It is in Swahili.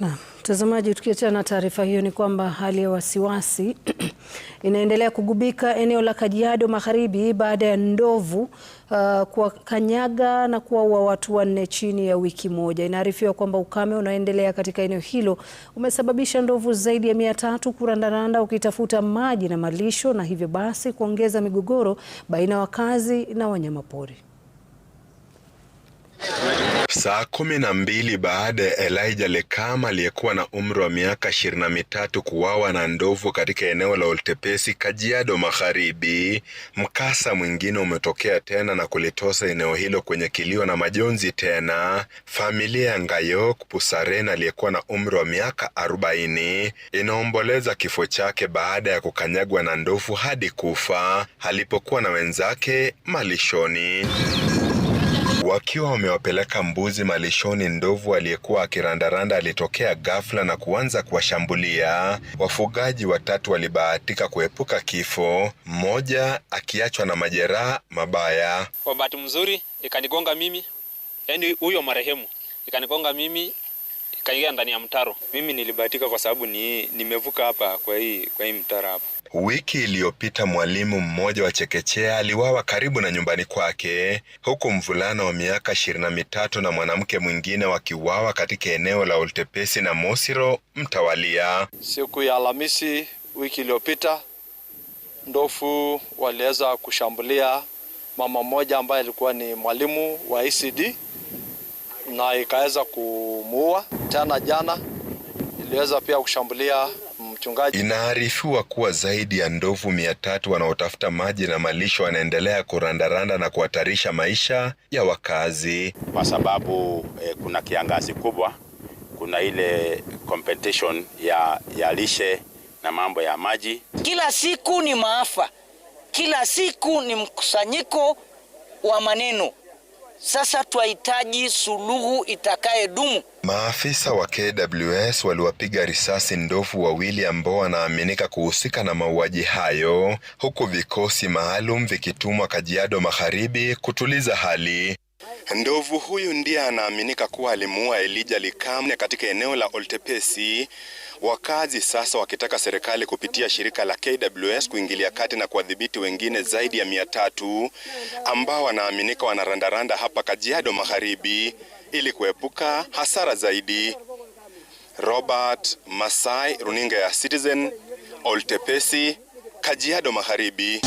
Na mtazamaji, tukiachana na taarifa hiyo, ni kwamba hali ya wasiwasi inaendelea kugubika eneo la Kajiado Magharibi baada ya ndovu uh, kuwakanyaga na kuwaua watu wanne chini ya wiki moja. Inaarifiwa kwamba ukame unaoendelea katika eneo hilo umesababisha ndovu zaidi ya mia tatu kurandaranda ukitafuta maji na malisho, na hivyo basi kuongeza migogoro baina ya wakazi na wanyamapori. Saa kumi na mbili baada ya Elijah Lekam aliyekuwa na umri wa miaka ishirini na mitatu kuuawa na ndovu katika eneo la Oltepesi, Kajiado Magharibi, mkasa mwingine umetokea tena na kulitosa eneo hilo kwenye kilio na majonzi tena. Familia ya Ngayok Pusaren aliyekuwa na umri wa miaka arobaini inaomboleza kifo chake baada ya kukanyagwa na ndovu hadi kufa alipokuwa na wenzake malishoni. Wakiwa wamewapeleka mbuzi malishoni, ndovu aliyekuwa akirandaranda alitokea ghafla na kuanza kuwashambulia. Wafugaji watatu walibahatika kuepuka kifo, mmoja akiachwa na majeraha mabaya. Kwa bahati mzuri ikanigonga mimi, yani huyo marehemu ikanigonga mimi kaingia ndani ya mtaro. Mimi nilibahatika kwa sababu ni nimevuka hapa kwa hii kwa hii mtaro hapa. Wiki iliyopita mwalimu mmoja wa chekechea aliwawa karibu na nyumbani kwake, huku mvulana wa miaka ishirini na mitatu na mwanamke mwingine wakiuawa katika eneo la Oltepesi na Mosiro mtawalia. Siku ya Alhamisi wiki iliyopita, ndofu waliweza kushambulia mama mmoja ambaye alikuwa ni mwalimu wa ECD na ikaweza kumuua. Tena jana iliweza pia kushambulia mchungaji. Inaarifiwa kuwa zaidi ya ndovu mia tatu wanaotafuta maji na malisho wanaendelea kurandaranda na kuhatarisha maisha ya wakazi, kwa sababu eh, kuna kiangazi kubwa, kuna ile competition ya, ya lishe na mambo ya maji. Kila siku ni maafa, kila siku ni mkusanyiko wa maneno. Sasa twahitaji suluhu itakayedumu. Maafisa wa KWS waliwapiga risasi ndovu wawili ambao wanaaminika kuhusika na mauaji hayo, huku vikosi maalum vikitumwa Kajiado Magharibi kutuliza hali. Ndovu huyu ndiye anaaminika kuwa alimuua elija Likamne katika eneo la Oltepesi, wakazi sasa wakitaka serikali kupitia shirika la KWS kuingilia kati na kuwadhibiti wengine zaidi ya mia tatu ambao wanaaminika wanarandaranda hapa Kajiado Magharibi ili kuepuka hasara zaidi. Robert Masai, runinga ya Citizen, Oltepesi, Kajiado Magharibi.